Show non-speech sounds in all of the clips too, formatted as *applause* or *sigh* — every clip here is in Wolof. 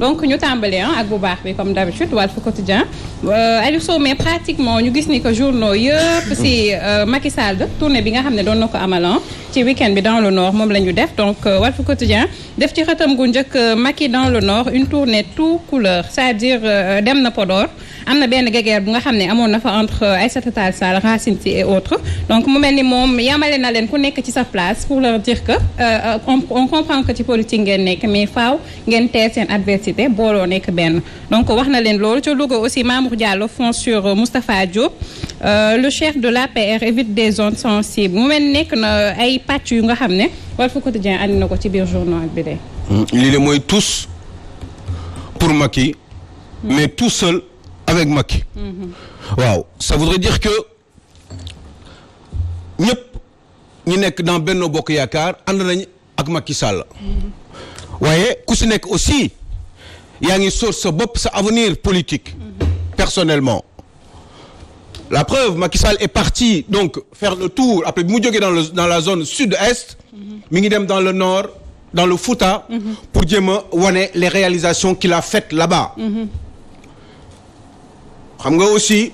donc ñu tàmbalee ah ak bu baax bi comme d'habitude Walf Quotidien euh, Aliou Sow mais pratiquement ñu gis ni que journaux yëpp si euh, Macky Sall tournée bi nga xam ne doon na ko amalan ah, ci week-end bi dans le nord moom la ñu def donc euh, Walf Quotidien def ci xëtam gu njëkk euh, Macky dans le nord une tournée tout couleur c'est-à-dire euh, dem na Podor am na benn gegeer bu nga xam ne amoon na fa entre Aïssata sa Sall Racine Sy et autres donc mu mel ni moom yamale na leen ku nekk ci sa place pour leur dire que on comprend que ci politique ngeen nekk mais faaw ngeen teel seen adversité booloo nekk benn donc wax na leen loolu ca Louga aussi Mamour Diallo fond sur Moustapha Euh, le chef de l'APR évite des zones sensibles mu mel nekk na ay pàcc yu nga xam ne Walf Quotidien andi na ko ci biir journal bi de. Hmm. lii de mooy tous pour Macky. Hmm. mais tout seul avec Macky. Hmm. waaw ça voudrait dire que ñëpp ñi nekk dans Benno Bokk Yaakaar ànd nañ ak Macky Sall. waaye ku si nekk aussi yaa ngi sóor sa bopp sa avenir politique. personnellement. La preuve Macky Sall est parti donc faire le tour après bi mu jógee dans le dans la zone sud-est mi ngi dem dans le nord dans le Fouta mm -hmm. pour jéem a wane les réalisations qu'il a faites là-bas xam mm -hmm. nga aussi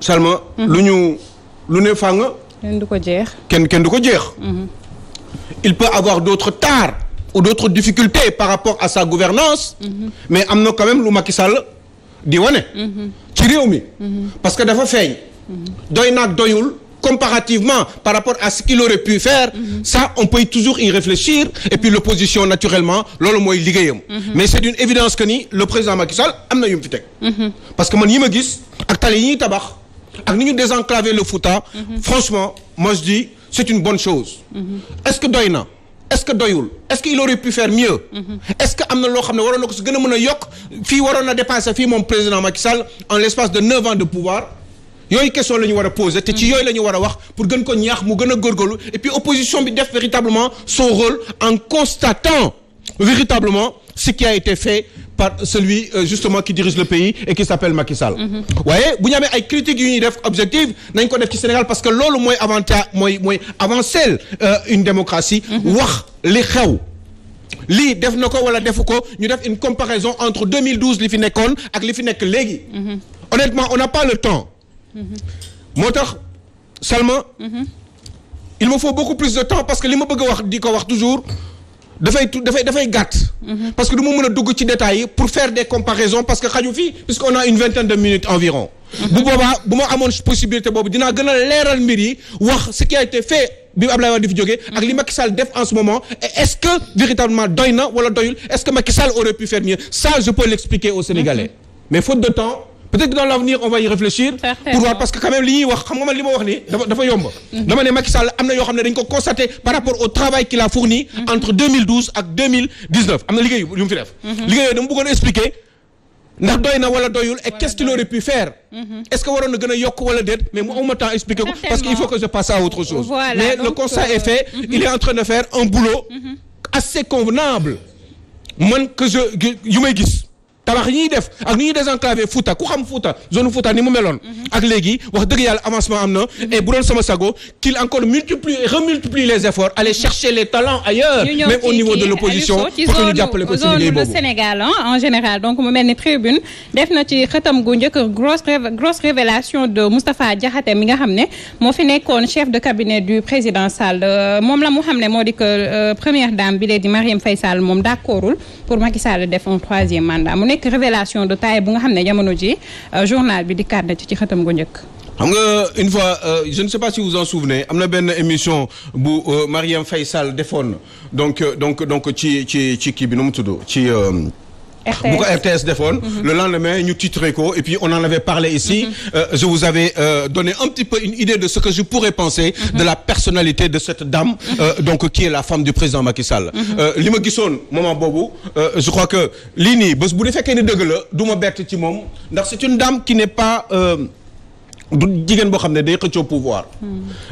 Salma lu kenn kenn du ko jeex il peut avoir d'autres tares ou d'autres difficultés par rapport à sa gouvernance mais am na quand même lu Macky Sall di wane mhm. ci réew mi mhm. parce que dafa feeñ doy naag doyul comparativement par rapport à ce qu'il aurait pu faire mhm. ça on peut toujours y réfléchir mhm. et puis l'opposition naturellement loolu mooy liggéeyam mhm. mais c'est d'une évidence que ni le président Macky Sall am na yu mu fi teg parce que man yi ma gis yi ñuy tabax ak le Fouta franchement moi je dis c'est une bonne chose est-ce que doy na est-ce que doyul est-ce que am na loo xam ne waroon na ko si gën a mën a yokk fii waroon na dépasser président Macky yooyu question la ñu war a poser te ci mm. yooyu la ñu war a pour gën ko ñaax mu gën a góorgóorlu et puis opposition bi def véritablement son rôle en constatant véritablement ce qui a été fait par celui euh, justement qui dirige le pays et qui s'appelle Macky Sall. waaye mm-hmm. bu ñu amee ay ñuy def objective nañ ko def ci Sénégal parce que loolu mooy avantage mooy mooy avancer euh, une démocratie. Mm-hmm. wax li xew. lii def na ko wala def ko ñu def une comparaison entre 2012 li fi nekkoon ak li fi nekk léegi. Mm-hmm. honnêtement on n'a pas le temps. moo tax Salma. il me faut beaucoup plus de temps parce que li ma bëgg wax di ko wax toujours dafay dafay dafay gàtt. parce que du ma mën a dugg ci détails yi pour faire des comparaisons parce que xaju fii on a une vingtaine de minutes environ. bu booba bu ma amoon possibilité boobu dina gën a leeral mbir yi wax ce qui a été fait bi Abdoulaye Wade di fi jógee. ak li Macky Sall def en ce moment et est-ce que véritablement doy na wala doyul est-ce que Macky Sall aurait pu faire mieux ça je peux l'expliquer peut-être que dans l'avenir on va y réfléchir parce que quand même li ñuy wax ni dafa dafa yomb mhm. dama ne Macky Sall am na constaté par rapport au travail qu'il a fourni mhm. entre 2012 ak 2019 am na liggéey yu mu fi def mhm. liggéey yooyu dama bëggoon et qu'est-ce qu'il aurait pu faire est-ce faut que je passe à autre chose mais le constat est euh, fait il est en train de faire un boulot assez convenable man que je yu may gis tabax yi ñuy def ak ni ñuy désenclavé Fouta ku xam Fouta zone Fouta ni mu meloon. Mhm. ak léegi wax dëgg yàlla avancement am na. Mhm. et bu doon sama sago qu'il encore remultiplie les efforts aller mhm. chercher les talents ailleurs. même au niveau de l'opposition pour que ñu jàppale ci liggéey mu mel ni tribune grosse révélation de Moustapha Diakhaté mi nga xam ne moo fi nekkoon chef de cabinet du président Sall euh, moom la mu xam ne moo di que euh, première dame bi lee di Marième Faye Sall moom d'accordul pour Macky nekk révélation de taille bu nga xam ne jamono ji euh, journal bi dikkaat na ci ci xëtam gu njëkk. xam nga une fois euh, je ne sais pas si vous en souvenez am na benn émission bu euh, Mariam Faye Sall defoon donc euh, donc donc ci ci ci kii bi nu mu tudd ci. bu mhm. le lendemain ñu titré ko et en avait parlé ici mhm. euh, je vous avais euh, donné un petit peu une idée de ce que je pourrais penser mhm. de la personnalité de cette dame euh, qui est la femme du président Macky Sall li ma gisoon moment boobu je crois que lii nii bés ne dëgg la du ma bett c'est une dame qui n'est pas du jigéen boo xam ne day xëccoo pouvoir.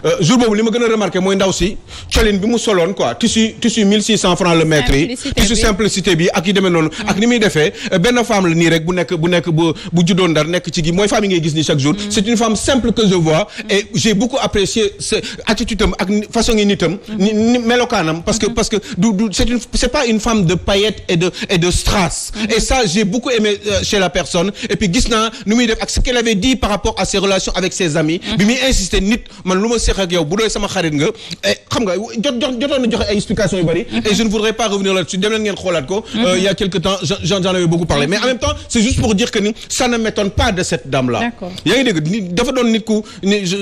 Euh, jour boobu li ma gën a remarqué mooy ndaw si colline bi mu soloon quoi tissu tissu 1600 francs le mètre yi. tissu simplicité bi ak yi demee noonu. Mm. ak ni muy defee euh, benn femme la nii rek bu nekk bu nekk bu bu juddoon ndar nekk ci gi mooy femme yi ngay gis nii chaque jour. Mm. c' une femme simple que je vois. Mm. et j'ai beaucoup apprécié attitude am ak façon yi nitam. melokaanam parce que parce que du du c' est une c' de paillettes et de strass. et ça j'ai relation avec ses amis. bi muy insister nit man lu ma seq ak yow bu doy sama xarit nga. Eh, xam nga jot jotoon na joxe ay explications yu bari. et je ne voudrais pas revenir là-dessus dem leen ngeen xoolaat ko. Euh, il y a quelque temps j'en j'en avais beaucoup parlé mais en même temps c'est juste pour dire que ni ça ne m'étonne pas de cette dame là. d'accord yaa ngi dégg dafa doon nit ku ni je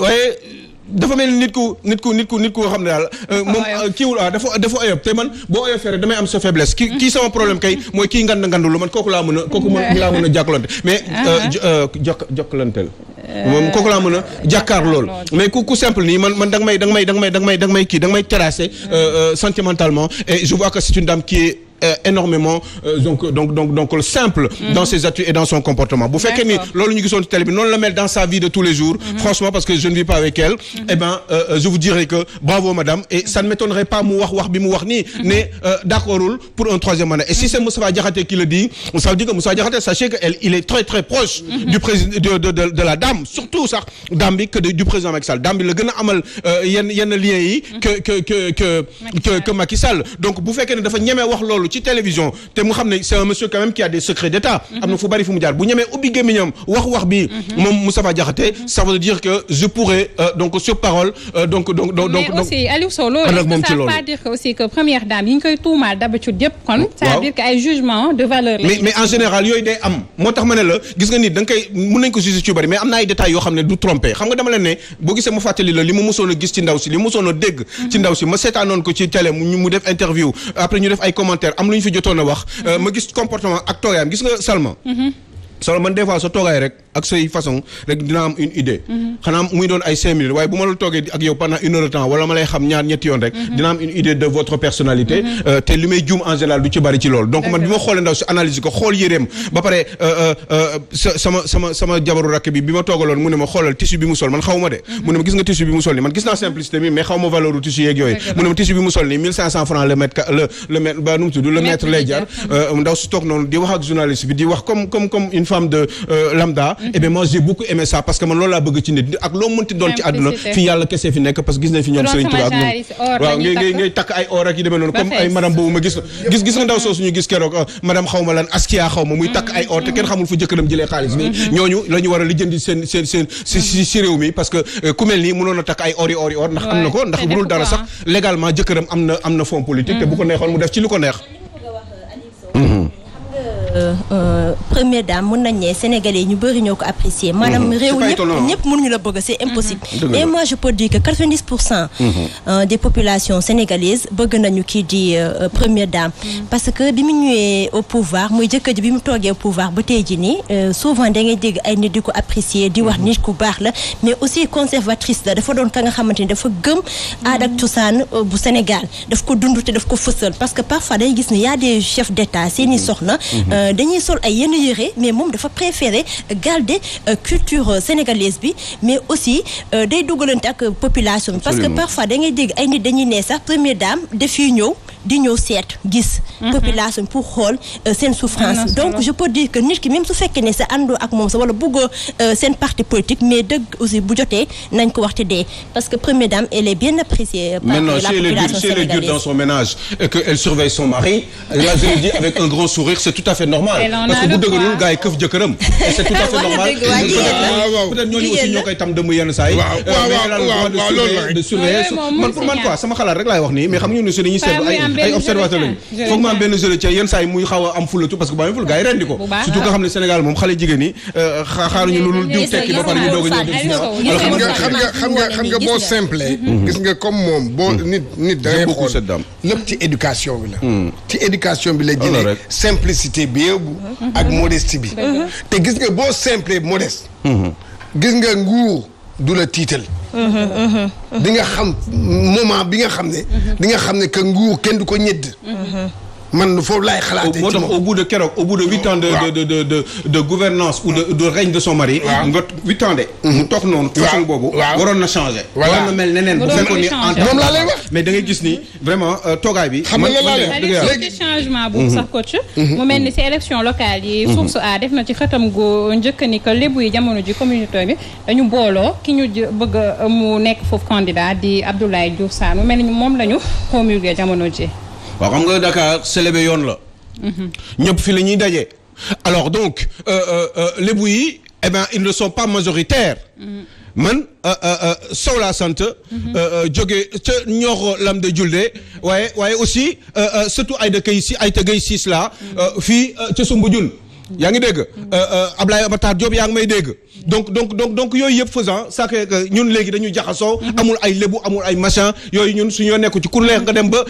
waaye. dafa mel ni nit ku nit ku nit ku nit ku xam ne daal euh, ah, moom euh, kiiwul ah dafa dafa oyob te man boo oyoo fere damay am sa faiblesse ki kii sama problème kay mooy kii ngand ngandu lu man kooku laa mën a kooku mën laa mën a mais ah, euh, ah. jok jokkalanteel moom kooku laa mën a jàkkaar lool mais ku ku simple nii man man da may da may da nga may da nga may kii da nga may terrasser sentimentalement et je vois que c'est une dame Euh, énormément euh, donc donc donc donc le simple mhm. dans ses attudes et dans son comportement bu fekkee ni loolu ñu gisoon ci télé bi noonu la mel dans sa vie de tous les jours mhm. franchement parce que je ne vis pas avec elle mhm. eh ben euh, je vous dirais que bravo madame et ça ne m'étonnerait pas mu wax wax bi mu wax ni ne d'accordul pour un troisième mandat et si c'est Moustapha Diakhaté qui le dit ça veut dire que Moustapha Diakhaté sachez que est très très proche de la dame surtout amal yenn yenn liens yi que que bu fekkee ne dafa ñemee wax loolu ci télévision te mu xam ne c'est un monsieur quand même qui a des secrets d'État mhm. am na fu bari fu mu jaar bu ñemee ubbi wax wax bi mhm. moom Moustapha Diakhaté ça veut dire que je pourrais euh, donc sur parole euh, donc donc donc donc mais aussi Aliou Sow loolu ça veut pas dire que aussi que première dame mais en général yooyu day am moo tax ma ne la gis nga ni da nga koy mën nañ ko juger ci bari mais am na ay détails yoo xam ne du trompé xam nga dama leen ne boo gisee mu fàttali am lu ñu fi jotoon wax. Euh, ma gis comportement ak tooyaam gis nga Salma. Mm-hmm. solo man des fois toogaay rek ak say façon rek dina am une idée. Mm-hmm. xanaa muy doon ay cinq waaye bu ma la toogee ak yow pendant une heure de temps wala ma lay xam ñaar ñetti yoon rek. Mm-hmm. dina am une idée de votre personnalité. Mm-hmm. Euh, te li may juum en du ci bari ci loolu. donc man bi ma xoolee ndaw si analyse ko xool yéreem ba pare euh, euh, sama jabaru rakk bi bi ma toogaloon mu ne ma xoolal tissu bi mu sol man xaw ma de. mu ne ma gis nga tissu bi mu sol nii mais femme de euh, lambda. Mhm. et eh bien moi j'ai beaucoup aimé ça parce que man loolu laa bëgg ci nit ak loo mënti doon ci àdduna fi yàlla kese fi nekk parce que gis nañ fi ñoom Serigne Touba ak ngay takk ay or ak yu demee noonu comme ay madame boobu ma gis nga ndaw soosu ñu gis keroog euh, madame xaw ma lan askia muy takk ay or te kenn xamul fu jëkkëram jëlee xaalis mhm. ñooñu la ñu war a seen seen si si réew mi parce que euh, ku mel nii mënoon a takk ay ori ori or ndax am ndax am na ko mhm. neexoon Euh, euh, première dame mun nañ ne sénégalais ñu bëri ñoo ko apprécier maanaam mmh. réew ñëpp ñëpp mënuñu la bëgg c'est impossible mmh. et moi je peux dire que quatre-vingt-dix pour cent mmh. euh, des populations sénégalaises bëgg nañu kii di première dame parce que bi mu ñëwee au pouvoir muy jëkkër ji bi mu toogee au pouvoir ba tey ji nii souvent da ngay dégg ay nit di ko apprécier di wax nit ku baax la mais aussi conservatrice la dafa doon ka nga xamante ni dafa gëm aada ak cosaan bu Sénégal daf ko dund te daf ko fësal parce que parfois dañuy gis ne y a des chefs d'état seeni soxna Euh, dañuy sol ay yenn yére mais moom dafa préférer garder euh, culture euh, sénégalaise bi mais aussi day dogalante ak population bi parce que parfois da ngay dégg ay nit dañuy nee sax première dame def yu ñëw di ñëw seet gis mhm. population pour xool euh, seen souffrance donc je peux dire que nit ki même su fekkee ne sa àndoo ak moom sa wala bëggoo euh, seen parti politique mais dëgg bu jotee nañ ko waxte dee parce que première dame elle est bien appréciée par la population sénégalaise dans son ménage et que elle surveille son mari là je le dis avec un grand sourire c'est tout à fait normal parce que bu dëgganul gars yi këf jëkkëram c'est saa *laughs* waaw waaw waaw euh, loolu la de man pour man quoi sama xalaat rek laay wax ay observateur foog mu benn jële ca yenn saa yi muy xaw a am fulatu parce que bu amee ful gars yi rendi ko surtout nga xam ne Sénégal moom xale jigéen yi euh, xaaruñu lu diw tekki ba pare ñu doog a ñëw def xam nga xam nga xam nga boo simple gis nga comme moom boo hmm. nit nit da ngay xool lépp ci éducation bi la hmm. ci éducation bi la jëlee simplicité bi yóbbu hmm. ak modestie bi te gis nga boo simple modeste gis nga nguur du la tiital di nga xam moment bi nga xam ne. di nga xam ne que nguu kenn du ko ñedd. man foofu laay xalaatee ci moom de keroog au bout de huit ans de de de de de gouvernance ou de de mhm. waroon na changé. voilà mel neneen bu mais da ngay gis ni vraiment euh, toogaay bi. xam nga la léegi changement bu mhm. sax coach. Mhm. mu mel ni si élection locale yi. a def na ci xëtam gu njëkk ni que lébu yi jamono ji communauté bi dañu booloo ki ñu bëgg mu nekk foofu candidat di Abdoulaye Diouf saan mu mel ni moom la ñu promulgué jamono ji. waaw xam nga Dakar célébé yoon la. Mhm. ñëpp fi la ñuy daje. alors donc euh, euh, euh, lébu yi eh ben ils ne sont pas majoritaires. Mhm. man Sow laa sant. Mhm. jóge ca Nioro Lamde Julde waaye waaye aussi surtout ay dëkk yi si ay tëgg yi siis fii ca yaa ngi dégg mm. euh, euh, Ablaye Abatar Diop yaa ngi may dégg donc donc donc donc yooyu yëpp faisant sa que ñun léegi dañu jaxasoo mm-hmm. amul ay lébu amul ay machin yooyu ñun suñoo nekku ci leex nga dem ba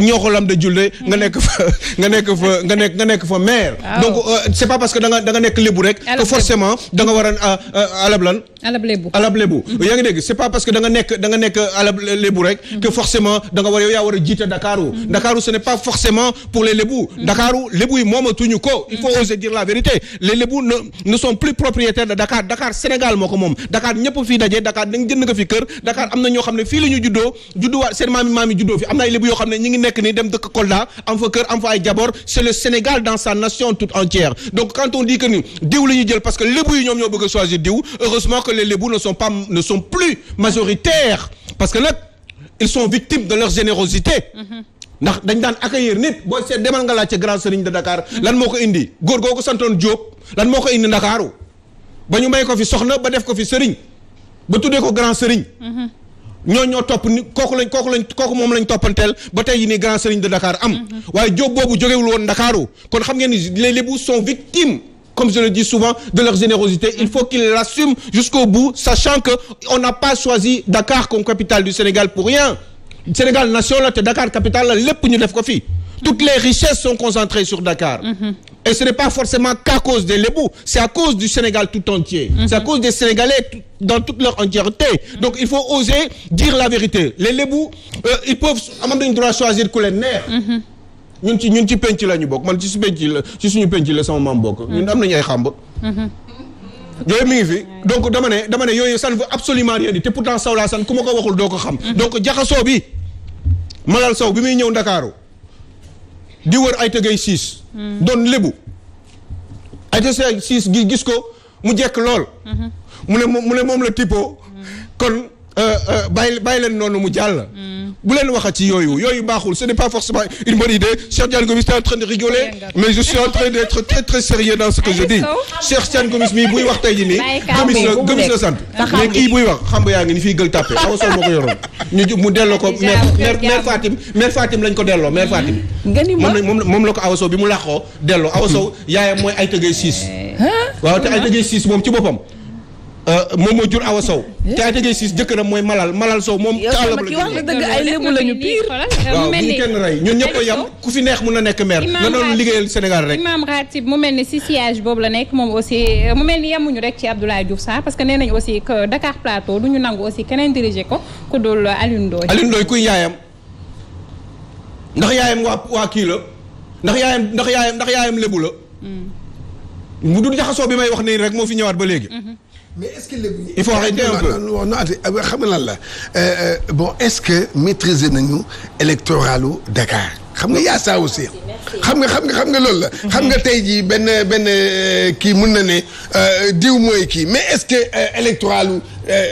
ñooxalam euh, de julle mm-hmm. nga nekk fa nga nekk fa nga nekk nga nekk fa maire donc c'est pas parce que da nga nekk lébu rek que forcément da nga war a alab alab lébu alab lébu mm-hmm. yaa ngi dégg c'est pas parce que da nga nekk da lébu rek mm-hmm. que forcément da war yow war a jiite Dakaru mm-hmm. Dakaru ce n'est pas forcément pour les lébu Dakaru lébu yi moomatuñu ko il faut oser dire la vérité les lébu ne ne sont plus propriétaires de Dakar Dakar Sénégal moo ko moom Dakar ñëpp fii dajee Dakar dañ jënd nga fi kër Dakar am na ñoo xam ne fii la ñu juddoo seen maam yi maam fi am na lébu yoo xam ne ñi ngi nekk ni que les lébous ne sont pas ne sont plus majoritaires parce que nag ils sont victimes de leur générosité ndax dañ daan accueillir nit boo seet demal nga laaj ca grand serigne de Dakar lan moo ko indi góor goo ko santoon Diop lan moo ko indi Ndakaaru ba ñu may ko fi soxna ba def ko fi sëriñ ba tuddee ko grand sëriñ ñoo ñoo topp ni kooku lañ kooku lañ kooku moom lañ toppanteel ba tey yi nii grand sëriñ de Dakar am mhm. waaye Diop boobu jógewul woon Ndakaaru kon xam ngeen ni les lébous comme je le dis souvent, de leur générosité. Il faut qu'ils l'assument jusqu'au bout, sachant qu'on n'a pas choisi Dakar comme capitale du Sénégal pour rien. Sénégal nation Dakar capitale la lépp ñu def ko fii. toutes les richesses sont concentrées sur Dakar. Mhm. et ce n'est pas forcément qu'à cause des Lébou c'est à cause du Sénégal tout entier. Mm -hmm. c'est à cause des Sénégalais dans toute leur entièreté. Mhm. donc il faut oser dire la vérité les Lébou euh, ils peuvent am ñun ci ñun ci penc la ñu bokk man ci su penc la ci suñu penc la sama maam bokk. ñun am nañu ay xàmb. yooyu mi ngi fi donc dama ne dama ne yooyu ça ne veut absolument rien dire te pourtant Sawla Sane ku ma ko waxul doo ko xam. Mm-hmm. donc jaxasoo bi Malal Sow bi muy ñëw Ndakaaru di wër ay tëgay siis. doon lébu ay tëgay siis gis ko mu jekk lool. Mm-hmm. mu ne moom mu ne moom la tipo mm-hmm. kon. Euh, euh, bàyyi bàyyi leen noonu mu jàll. Mm. bu leen waxat ci yooyu yooyu baaxul ce n'est pas forcément une bonne idée Cheikh Tidiane Gomis est en mais je en train d'être très très sérieux dans ce que je dis Cheikh Tidiane wax mais kii buy wax xam nga yaa ngi ni fii gël tàppe awa sol moo ko yoroon mu delloo ko mère mère Fatim mère Fatim lañ ko delloo mère mm. Fatim moom moom la ko awasow bi mu làqoo delloo awasow yaayam mooy ay tëggee siis waaw te ay tëggee siis moom ci boppam Euh, moom moo jur Awa Sow. Hmm? Taata Gueye Ciss jëkkëram mooy Malal Malal Sow moom. taalam la wax nga dëgg ay lébu lañu pire. waaw bu ñu kenn rey ñun ñëpp a ku fi neex mun na nekk maire. nga doon liggéeyal Sénégal rek. mu mel ni si siège boobu la nekk moom aussi euh, mu mel ni yemuñu rek ci Abdoulaye Diouf Sarr parce que nee nañu aussi que Dakar Plateau du ñu nangu aussi keneen diriger ko ku dul euh, Alioune Ndoye. Alioune Ndoye kuy yaayam ndax yaayam waa waa kii la ndax yaayam ndax yaayam ndax yaayam la. Hmm. mu du jaxasoo bi may wax nii rek moo fi ñëwaat ba léegi hmm. mais est-ce que léegi. il faut arrêter un peu non non euh, xam nga lan la euh, euh, bon est-ce que maîtriser nañu électoralu Dakar. xam nga yaa saa aussi xam nga xam nga xam nga loolu la. xam nga tey jii benn benn euh, kii mun na ne euh, diw mooy kii mais est-ce que euh, électoral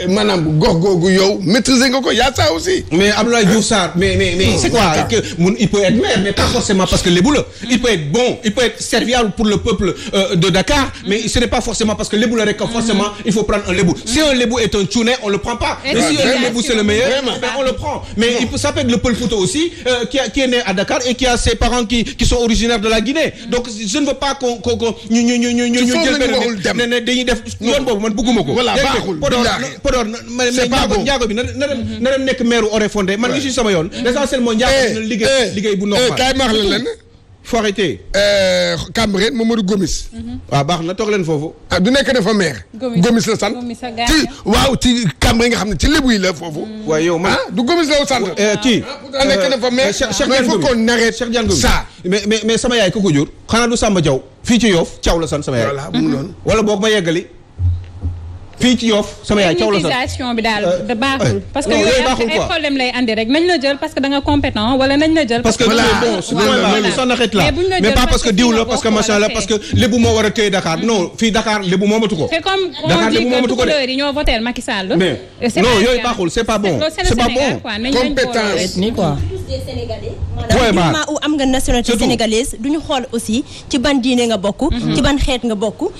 maanaam gox googu yow maîtriser ya ko aussi. mais Abdoulaye Diouf Sarr mais mais mais c'est quoi que mun il peut être mais pas forcément parce que lébu il peut être serviable pour le peuple de Dakar mais ce n'est pas forcément parce que lébu la rek forcément mm-hmm. il faut prendre un lébu. si un lébu est un Thiounais on le prend pas. mais ça peut être le Pël Fouta aussi qui est Dakar et qui a ses qui qui sont originaires de la Guinée. donc je ne veux pas qu'on qu'on ñu ñu ne ne dañuy def yoon boobu man bëgguma ko. voilà baaxul Podor Podor mais njaago bi na na na dem nekk maire Oréfondé man li si sama yoon. l'essentiel mooy njaago bi eh, liggéey eh, liggéey bu normal. Eh, foo faut arrêter. Euh, Cambérène Mamadou Gomis. waaw mm-hmm. ah, baax na toog leen foofu. ah du nekk dafa maire. Gomis la sant ci waaw ci Cambérène nga xam ne ci lébu yi la foofu. Mm. waaw yow man ah, du Gomis la sant. Euh, kii ah nekk dafa maire. Euh, mais il faut qu'on arrête mais mais mais sama yaay ku ko jur. xanaa du Samba Diaw. fii ci Yoff caaw la sant sama yaay. voilà mu noonu. wala boog ma yeggali. fii ci Yoff sama yaay caw la sax bi daal euh, baaxul. parce que yooyu ay problème lay andi rek nañ la jël parce que da compétent wala nañ la jël. parce que voilà mais pas parce que diw parce que machin la parce que lébu moo war a Dakar mm. non fii Dakar lébu moomatu ko. c'est comme on dit que tukkuleur yi ñoo voté baaxul c'est pas bon c'est pas bon compétence ni quoi. nationalité sénégalaise. maanaam où am nga nationalité sénégalaise du ñu xool aussi ci ban diine nga bokk. Mhm. ci ban xeet nga bokk.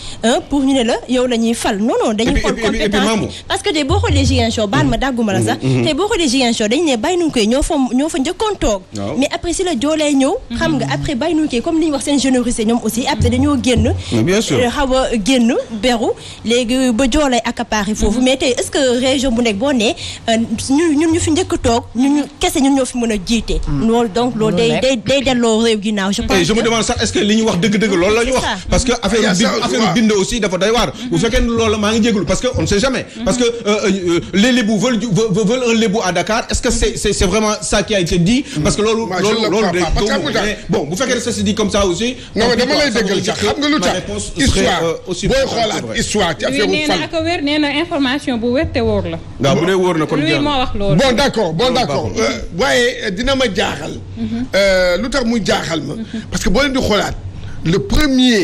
pour ñu ne la yow la ñuy fal non non dañuy xool compétence parce que tey boo xoolee Ziguinchor baal ma mhm. dàgguma la mhm. sax. tey boo xoolee Ziguinchor dañu ne bàyyi ñoo fa njëkkoon toog. mais après si la joolee ñëw. xam nga après bàyyi comme li ñu wax seen générosité ñoom aussi après dañoo génn. bien euh, a génn beru léegi ba joolay accaparé foofu mais sécurité. loolu donc loolu day day day delloo réew ginnaaw je pense je me demande sax est-ce que li ñu wax dëgg-dëgg loolu la ñu wax. parce que ah, affaire bi affaire bind aussi dafa doy waar. Mm-hmm. bu fekkee ne loolu maa ngi jégalu parce que on ne sait jamais. Mm-hmm. parce que euh, euh, les lébou veulent veulent un lébou à Dakar est-ce que mm-hmm. c'est c'est vraiment ça qui a été dit. parce que loolu loolu loolu day mais bon bu fekkee ne ça se dit comme ça aussi. non mais dama lay déggal sax xam nga lu tax histoire euh, booy xoolaat histoire ci affaire wu fan. nee na information bu wér te wóor la. waaw bu dee wóor na kon. moo wax loolu bon d'accord bon d'accord waaye dina dina ma jaaxal. Mhm. Euh, lu tax mu jaaxal ma. Mhm. parce que boo di xoolaat le premier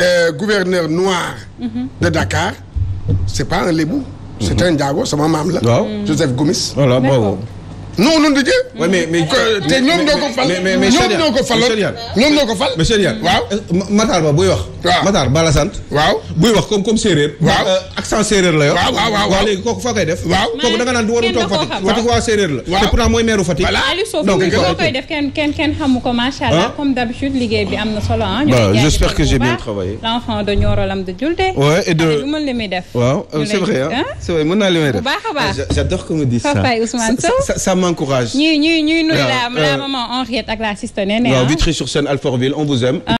euh, gouverneur noir. Mhm. de Dakar c' est pas un lébu. c' est un njaago sama maam la. waaw Joseph Gomis. voilà bravo. non non dëjë. oui mais mais te ñoom ñoo ko fal. mais mais mais ñoom ñoo ko faloon fal. mais Cheikh waaw Matar Ba buy wax. waaw Matar Bala sant. waaw buy wax comme comme séeréer. waaw accent séeréer la yor. waaw waaw waaw léegi kooku foo koy def. waaw kooku da nga naan du warul toog Fatick Fatick waa séeréer la. waaw te pourtant mooy meeru Fatick. voilà donc kenn kenn kenn xamu ko macha allah comme d'habitude bi am na solo ah. que j'ai bien travaillé. l'enfant de Nioro Lam de Diouldé. ouais et de lu mën li muy def. waaw c' vrai ah c' est vrai def. a baax Vitry-sur-Seine Alfortville on vous aime.